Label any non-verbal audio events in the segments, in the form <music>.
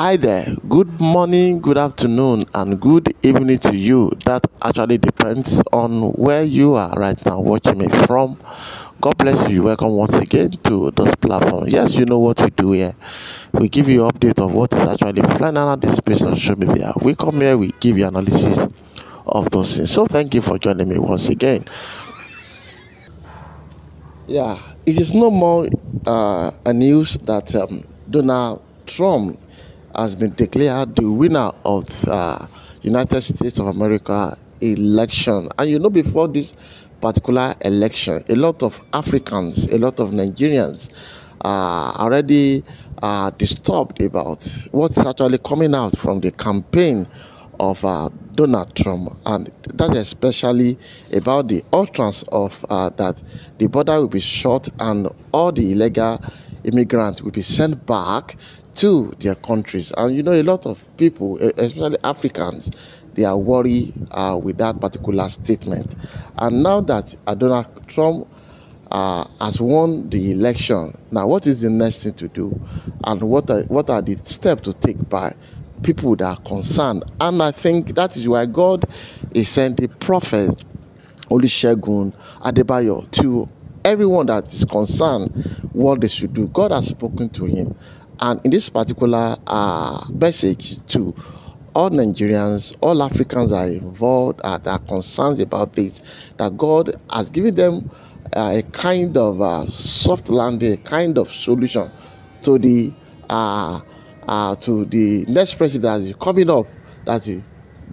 Hi there, good morning, good afternoon, and good evening to you. That actually depends on where you are right now watching me from. God bless you. Welcome once again to this platform. Yes, you know what we do here. We give you update of what is actually flying around the space on social media. We come here, we give you analysis of those things. So thank you for joining me once again. Yeah, it is no more uh, a news that um, Donald Trump has been declared the winner of uh, United States of America election. And you know, before this particular election, a lot of Africans, a lot of Nigerians are uh, already uh, disturbed about what's actually coming out from the campaign of uh, Donald Trump, and that especially about the utterance of uh, that the border will be shut and all the illegal immigrants will be sent back to their countries. And you know, a lot of people, e, especially Africans, they are worried uh, with that particular statement. And now that Donald Trump uh, has won the election, now what is the next thing to do? And what are, what are the steps to take by people that are concerned? And I think that is why God is sent prophet, prophets, Shagun Adebayo, to everyone that is concerned what they should do. God has spoken to him And in this particular uh, message to all Nigerians, all Africans are involved, uh, that are concerned about this, that God has given them uh, a kind of uh, soft landing, a kind of solution to the uh, uh, to the next president that is coming up, that is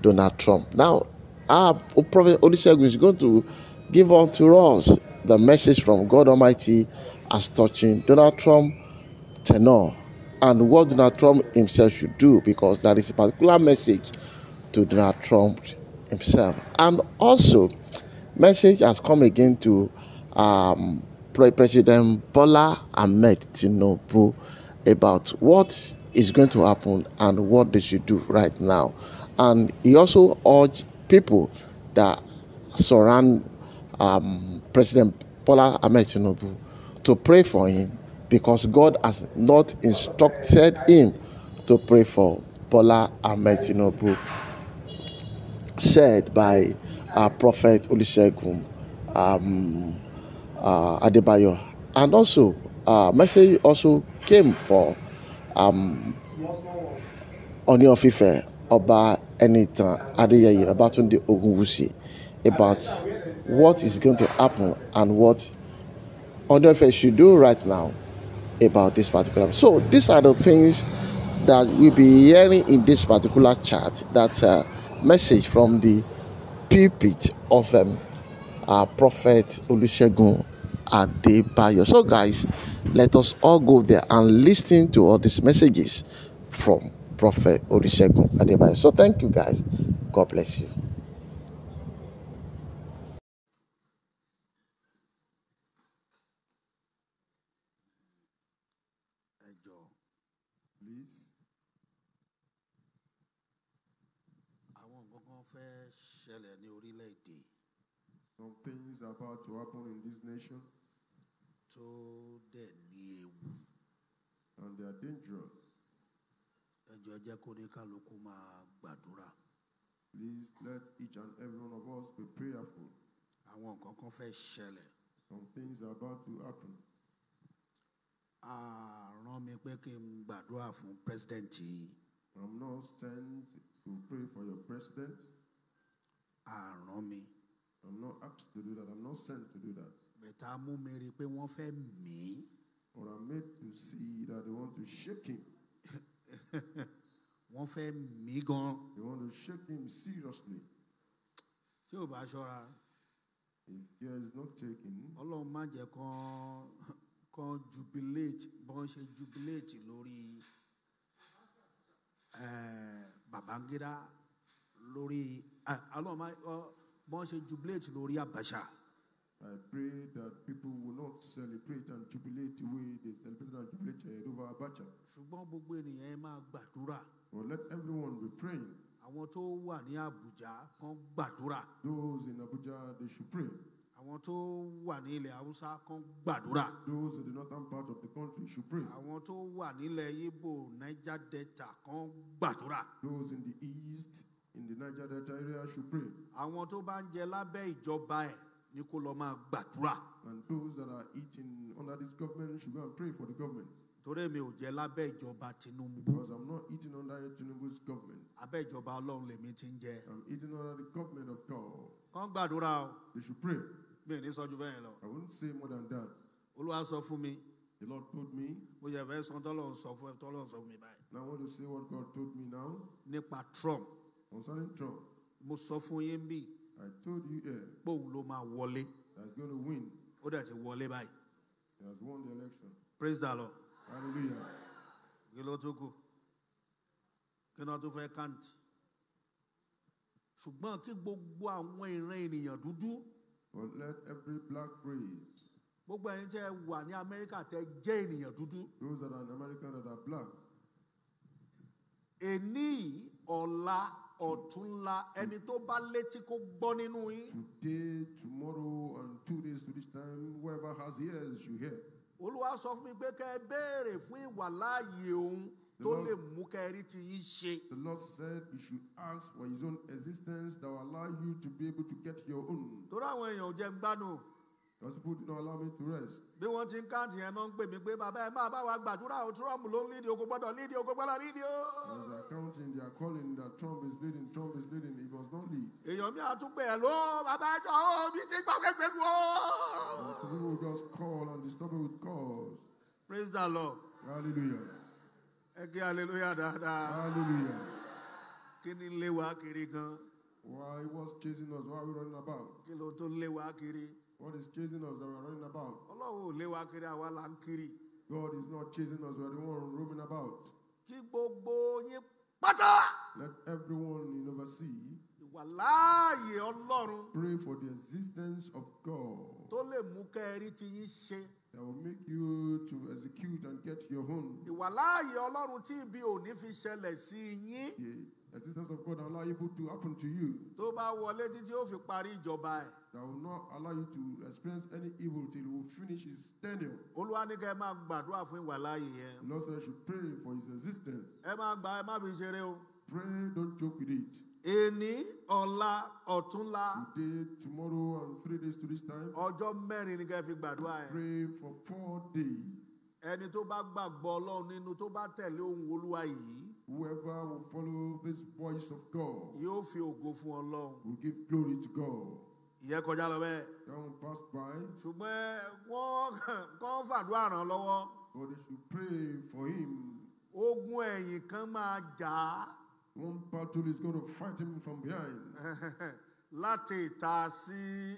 Donald Trump. Now, our prophet Olusegun is going to give unto us the message from God Almighty as touching Donald Trump tenor. and what Donald Trump himself should do because that is a particular message to Donald Trump himself. And also, message has come again to um, President Bola Ahmed Tinubu about what is going to happen and what they should do right now. And he also urged people that surround um, President Bola Ahmed Tinubu to pray for him because God has not instructed him to pray for Bola Ametinobu, said by uh, Prophet Olusegun um, uh, Adebayo. And also, uh, message also came for um, Oni of Ife, Oba Enitan Adeyeye, Babatunde Ogunwusi, about what is going to happen and what Oni of should do right now about this particular. So these are the things that we'll be hearing in this particular chat. That uh, message from the pulpit of um, uh, Prophet Olusegun Adebayo. So guys, let us all go there and listen to all these messages from Prophet Olusegun Adebayo. So thank you guys. God bless you. ṣẹlẹ̀ ní orílẹ̀-èdè. Some things are about to happen in this nation. Tó dẹ̀ ní ewu. And they are dangerous. jẹ́ kó ní kálukú máa gbàdúrà. Please let each and every one of us be prayerful. Àwọn nǹkan kan fẹ́ ṣẹlẹ̀. Some things are about to happen. Àrán mi pé kí n gbàdúrà fún yìí. I'm not sent to pray for your president. àrán mi. I'm not asked to do that. I'm not sent to do that. Bẹ̀tà mú mi rí i pé wọ́n fẹ́ mí. Or I'm made to see that they want to shake him. <laughs> Wọ́n fẹ́ mí gan. They want to shake him seriously. Tí ò bá ṣọ́ra. If care is not taken. Ọlọ́run má jẹ́ kán kán jubilate bọ́n ṣe jubilate lórí eh, Babangida lórí alọ́mọ bọ́n ṣe jubilate lórí àbàṣà. I pray that people will not celebrate and jubilate the way they celebrated and jubilated over Abacha. Ṣùgbọ́n gbogbo ènìyàn ẹ máa gbàdúrà. But let everyone be praying. Àwọn tó wà ní Abuja kan gbàdúrà. Those in Abuja they should pray. Àwọn tó wà ní ilẹ̀ Haúsá kan gbàdúrà. Those in the northern part of the country should pray. Àwọn tó wà nílẹ̀ Igbo Niger Delta kan gbàdúrà. Those in the east in the Niger Delta area should pray. Àwọn tó bá ń jẹ lábẹ́ ìjọba ẹ̀ ni kó lọ máa gbàdúrà. And those that are eating under this government should go and pray for the government. Torí mi ò jẹ lábẹ́ ìjọba Tinubu. Because I'm not eating under Tinubu's government. Abẹ́ ìjọba Ọlọ́run lèmi ti ń jẹ. I'm eating under the government of God. Kàn gbàdúrà o. They should pray. Mi ò ní sọ ju bẹ́ẹ̀ lọ. I won't say more than that. Olúwa sọ fún mi. The Lord told me. Mo yẹ fẹ́ sọ tọ́lọ́run sọ fún mi báyìí. Now I want to say what God told me now. Nípa Trump concerning Trump. Mo sọ fún yín bí. I told you here. Eh. Póun ló máa wọlé. That's going to win. Ó dẹ̀ wọlé báyìí. He has won the election. Praise the Lord. Hallelujah. Kí ló tó kù? Kí ló tó fẹ́ count? Ṣùgbọ́n kí gbogbo àwọn ìran ènìyàn dúdú. But let every black praise. Gbogbo ẹ̀yin tẹ́ wà ní Amẹ́ríkà tẹ́ jẹ́ ènìyàn dúdú. Those that are in America that are black. Èní ọ̀la. ọ̀túnla ẹni tó bá létí kó gbọ́ nínú yín. today tomorrow and two days to this time whoever has ears you hear. olúwa sọ fún mi pé kẹ́ ẹ béèrè fún ìwàláàyè òun tó lè mú kẹ́ ẹ rí ti yín ṣe. the lord said you should ask for his own existence that will allow you to be able to get your own. torí àwọn èèyàn ò jẹ́ ń gbádùn. Those people do not allow me to rest. Bí wọ́n ti ń káàtì yẹn náà ń pè mí pé bàbá ẹ máa bá wa gbàdúrà o Trump ló ń lídìí o gbọ́dọ̀ lídìí o gbọ́dọ̀ lídìí o. As they are counting they are calling that Trump is leading Trump is leading he must not lead. Èèyàn mi àtúpẹ̀ ẹ̀ ló bàbá ẹjọ́ o mi ti gbà pẹ́pẹ́ lu o. Most people will just call and disturb me with calls. Praise the Lord. Hallelujah. Ẹ kí hallelujah dáadáa. Hallelujah. Kí ni lé wa kiri gan? Why he was chasing us? Why are we running about? Kí ló tó lé wa kiri? God is chasing us that we are running about. Ọlọ́run ò lé wa kiri àwa là ń kiri. God is not chasing us we are the one roaming about. Kí gbogbo yín pátá. Let everyone in oversee. Ìwàláàyè Ọlọ́run. Pray for the existence of God. Tó lè mú kẹ́rí ti yín ṣe. That will make you to execute and get your own. Ìwàláàyè Ọlọ́run tí ibi ò fi ṣẹlẹ̀ sí yín. Existence of God allow evil to happen to you. Tó bá wọlé títí ó fi parí ìjọba ẹ̀. That will not allow you to experience any evil till he finish his tenure. Olúwa ní kẹ́ ẹ máa gbàdúrà fún ìwàláyé yẹn. The Lord said you should pray for his existence. Ẹ máa gbà ẹ má fi ṣeré o. Pray don't joke with it. Èní, ọ̀la, ọ̀túnla. Today, tomorrow and three days to this time. Ọjọ́ mẹ́rin ni kẹ́ fi gbàdúrà yẹn. Pray for four days. Ẹni tó bá gbàgbọ́ Ọlọ́run nínú tó bá tẹ̀lé ohun Olúwa yìí. Whoever will follow this voice of God yóò fi ògo fún Ọlọ́run. will give glory to God. Ìyẹn kọjá lọ bẹ́ẹ̀. Don't pass by. Ṣùgbọ́n wọ́n kọ́ fàdúrà ràn lọ́wọ́. But they should pray for him. Ogun ẹ̀yìn kan máa jà One battle is going to fight him from behind. <laughs> láti ìta sí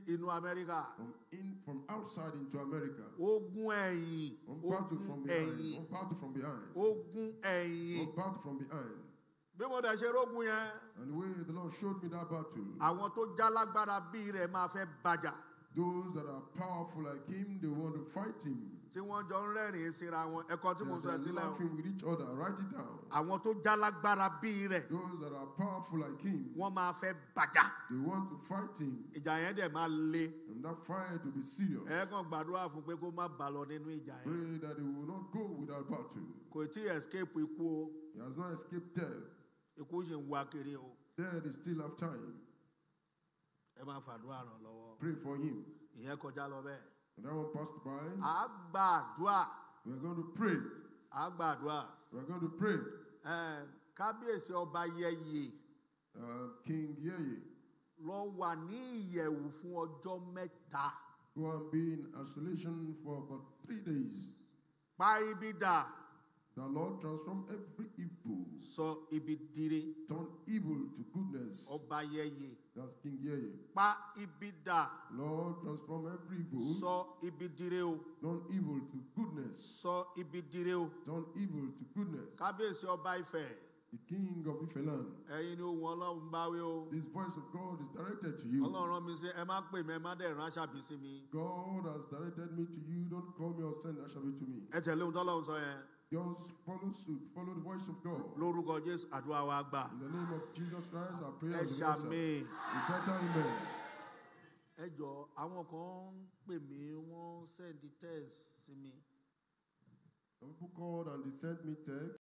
inú amẹ́ríkà. from in from outside into America. ogun ẹ̀yìn. ogun ẹ̀yìn. from behind. ogun ẹ̀yìn. one from behind. bí mo dẹ̀ ṣe rógun yẹn. and the way the Lord showed me that battle. àwọn tó jálágbára bíi rẹ̀ máa fẹ́ bàjá. Those that are powerful like him, they want to fight him. Tí wọ́n jọ ń rẹ́rìn-ín síra wọn, ẹ̀kọ́ tí mo sọ sílẹ̀ o. laughing with each other, write it down. Àwọn tó jálágbára bíi rẹ̀. Those that are powerful like him. Wọ́n máa fẹ́ bàjá. They want to fight him. Ìjà yẹn dẹ̀ máa le. And that fire to be serious. Ẹ kàn gbàdúrà fún pé kó má bà lọ nínú ìjà yẹn. Pray that he will not go without battle. Kò tí ì ikú o. He has not escaped death. Ikú ṣì ń wá kiri o. still have time. máa fàdúrà ràn lọ́wọ́. pray for him. ìyẹn kọjá lọ bẹ́ẹ̀. and that one passed by. a gbàdúrà. we are going to pray. a gbàdúrà. we are going to pray. kábíyèsí ọba yẹyẹ. Uh, king yẹyẹ. lọ wà ní ìyẹ̀wù fún ọjọ́ mẹ́ta. who have been in isolation for about three days. pa ibi dà. The Lord transform every evil. So ibi dire. Turn evil to goodness. Ọba yẹyẹ. Just King Yeye. Pa ibi Lord, transform every evil. Sọ ibi dire o. Turn evil to goodness. Sọ ibi dire o. Turn evil to goodness. Kábíyèsí ọba Ifẹ̀. The king of Ifelan. This voice of God is directed to you. God has directed me to you. Don't call me or send aṣàbí to me. Just follow suit, follow the voice of God. Lórúkọ Jésù àdúrà wa gbà. In the name of Jesus Christ, our prayer is answered. Ẹ ṣàmì. We better amen. Ẹ jọ àwọn kan ń pè mí wọ́n send the text sí mi. Some people called and they sent me text.